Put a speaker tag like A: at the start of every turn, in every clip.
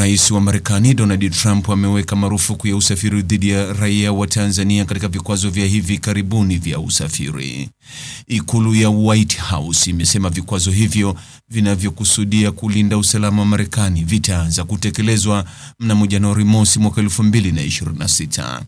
A: Rais wa Marekani Donald Trump ameweka marufuku ya usafiri dhidi ya raia wa Tanzania katika vikwazo vya hivi karibuni vya usafiri. Ikulu ya White House imesema vikwazo hivyo vinavyokusudia kulinda usalama wa Marekani vitaanza kutekelezwa mnamo Januari mosi mwaka 2026.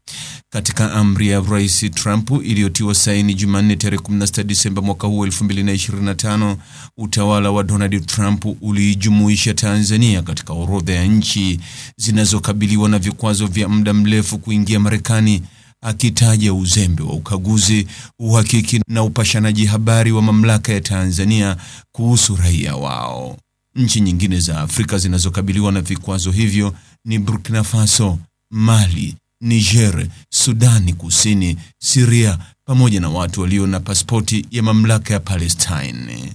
A: Katika amri ya Rais Trump iliyotiwa saini Jumanne tarehe 16 Disemba mwaka huu 2025, utawala wa Donald Trump uliijumuisha Tanzania katika orodha ya nchi zinazokabiliwa na vikwazo vya muda mrefu kuingia Marekani, akitaja uzembe wa ukaguzi, uhakiki na upashanaji habari wa mamlaka ya Tanzania kuhusu raia wao. Nchi nyingine za Afrika zinazokabiliwa na vikwazo hivyo ni Burkina Faso, Mali, Niger, Sudani Kusini, Syria pamoja na watu walio na pasipoti ya mamlaka ya Palestine.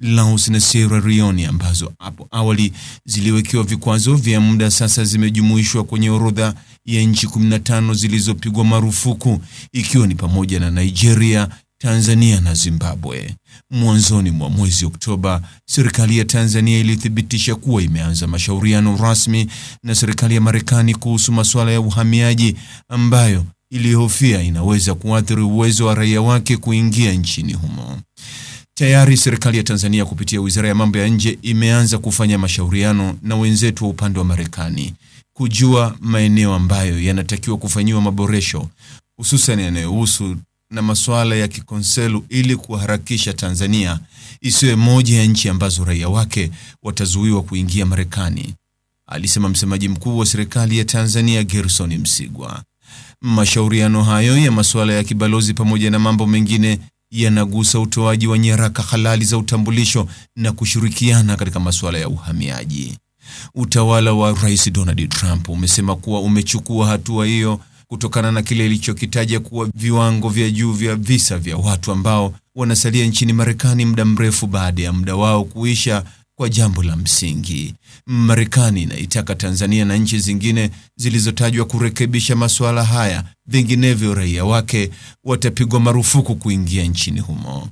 A: Laos na Sierra Leone ambazo hapo awali ziliwekewa vikwazo vya muda sasa zimejumuishwa kwenye orodha ya nchi 15 zilizopigwa marufuku ikiwa ni pamoja na Nigeria, Tanzania na Zimbabwe. Mwanzoni mwa mwezi Oktoba, serikali ya Tanzania ilithibitisha kuwa imeanza mashauriano rasmi na serikali ya Marekani kuhusu masuala ya uhamiaji ambayo ilihofia inaweza kuathiri uwezo wa raia wake kuingia nchini humo. Tayari serikali ya Tanzania kupitia Wizara ya Mambo ya Nje imeanza kufanya mashauriano na wenzetu wa upande wa Marekani kujua maeneo ambayo yanatakiwa kufanyiwa maboresho, hususan yanayohusu na masuala ya kikonselu ili kuharakisha Tanzania isiwe moja ya nchi ambazo raia wake watazuiwa kuingia Marekani, alisema msemaji mkuu wa serikali ya Tanzania Gerson Msigwa. Mashauriano hayo ya masuala ya kibalozi pamoja na mambo mengine yanagusa utoaji wa nyaraka halali za utambulisho na kushirikiana katika masuala ya uhamiaji. Utawala wa Rais Donald Trump umesema kuwa umechukua hatua hiyo kutokana na kile ilichokitaja kuwa viwango vya juu vya visa vya watu ambao wanasalia nchini Marekani muda mrefu baada ya muda wao kuisha kwa jambo la msingi. Marekani inaitaka Tanzania na nchi zingine zilizotajwa kurekebisha masuala haya, vinginevyo raia wake watapigwa marufuku kuingia nchini humo.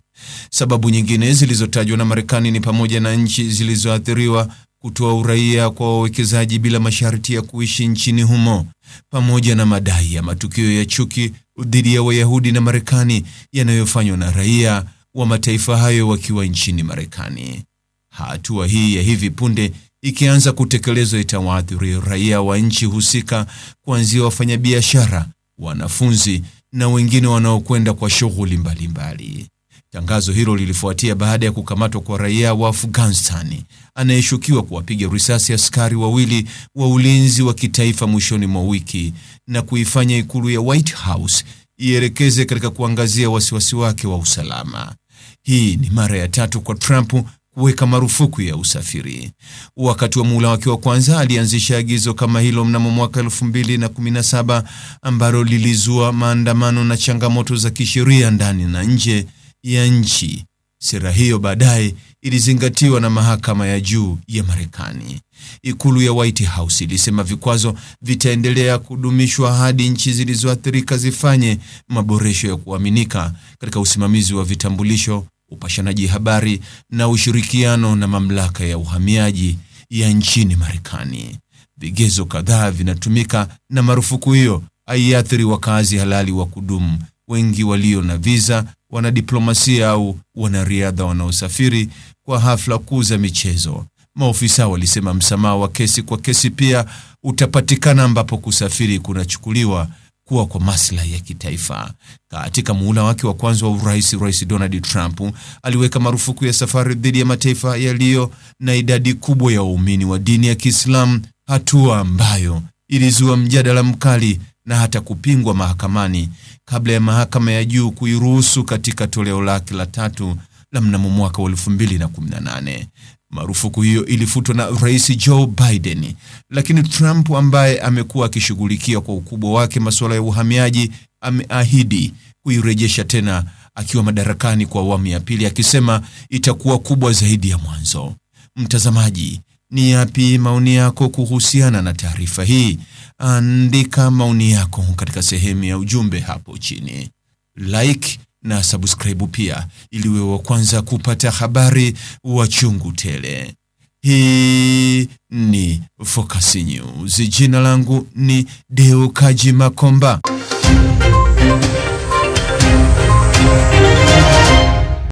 A: Sababu nyingine zilizotajwa na Marekani ni pamoja na nchi zilizoathiriwa kutoa uraia kwa wawekezaji bila masharti ya kuishi nchini humo, pamoja na madai ya matukio ya chuki dhidi ya Wayahudi na Marekani yanayofanywa na raia wa mataifa hayo wakiwa nchini Marekani. Hatua hii ya hivi punde ikianza kutekelezwa, itawaathiri raia wa nchi husika, kuanzia wafanyabiashara, wanafunzi na wengine wanaokwenda kwa shughuli mbalimbali. Tangazo hilo lilifuatia baada ya kukamatwa kwa raia wa Afghanistan anayeshukiwa kuwapiga risasi askari wawili wa ulinzi wa kitaifa mwishoni mwa wiki na kuifanya ikulu ya White House ielekeze katika kuangazia wasiwasi wake wa usalama. Hii ni mara ya tatu kwa Trump kuweka marufuku ya usafiri. Wakati wa muhula wake wa kwanza alianzisha agizo kama hilo mnamo mwaka 2017 ambalo lilizua maandamano na changamoto za kisheria ndani na nje ya nchi. Sera hiyo baadaye ilizingatiwa na mahakama ya juu ya Marekani. Ikulu ya White House ilisema vikwazo vitaendelea kudumishwa hadi nchi zilizoathirika zifanye maboresho ya kuaminika katika usimamizi wa vitambulisho upashanaji habari na ushirikiano na mamlaka ya uhamiaji ya nchini Marekani. Vigezo kadhaa vinatumika na marufuku hiyo haiathiri wakazi halali wa kudumu, wengi walio na visa, wanadiplomasia au wanariadha wanaosafiri kwa hafla kuu za michezo. Maofisa walisema msamaha wa kesi kwa kesi pia utapatikana ambapo kusafiri kunachukuliwa kuwa kwa maslahi ya kitaifa. Katika muhula wake wa kwanza wa urais, Rais Donald Trump aliweka marufuku ya safari dhidi ya mataifa yaliyo na idadi kubwa ya waumini wa dini ya Kiislamu, hatua ambayo ilizua mjadala mkali na hata kupingwa mahakamani kabla ya mahakama ya juu kuiruhusu katika toleo lake la tatu la mnamo mwaka wa 2018. Marufuku hiyo ilifutwa na Rais Joe Biden, lakini Trump ambaye amekuwa akishughulikia kwa ukubwa wake masuala ya uhamiaji ameahidi kuirejesha tena akiwa madarakani kwa awamu ya pili, akisema itakuwa kubwa zaidi ya mwanzo. Mtazamaji, ni yapi maoni yako kuhusiana na taarifa hii? Andika maoni yako katika sehemu ya ujumbe hapo chini. Like, na subscribe pia, ili wewe wa kwanza kupata habari wa chungu tele. Hii ni Focus News. Jina langu ni Deo Kaji Makomba.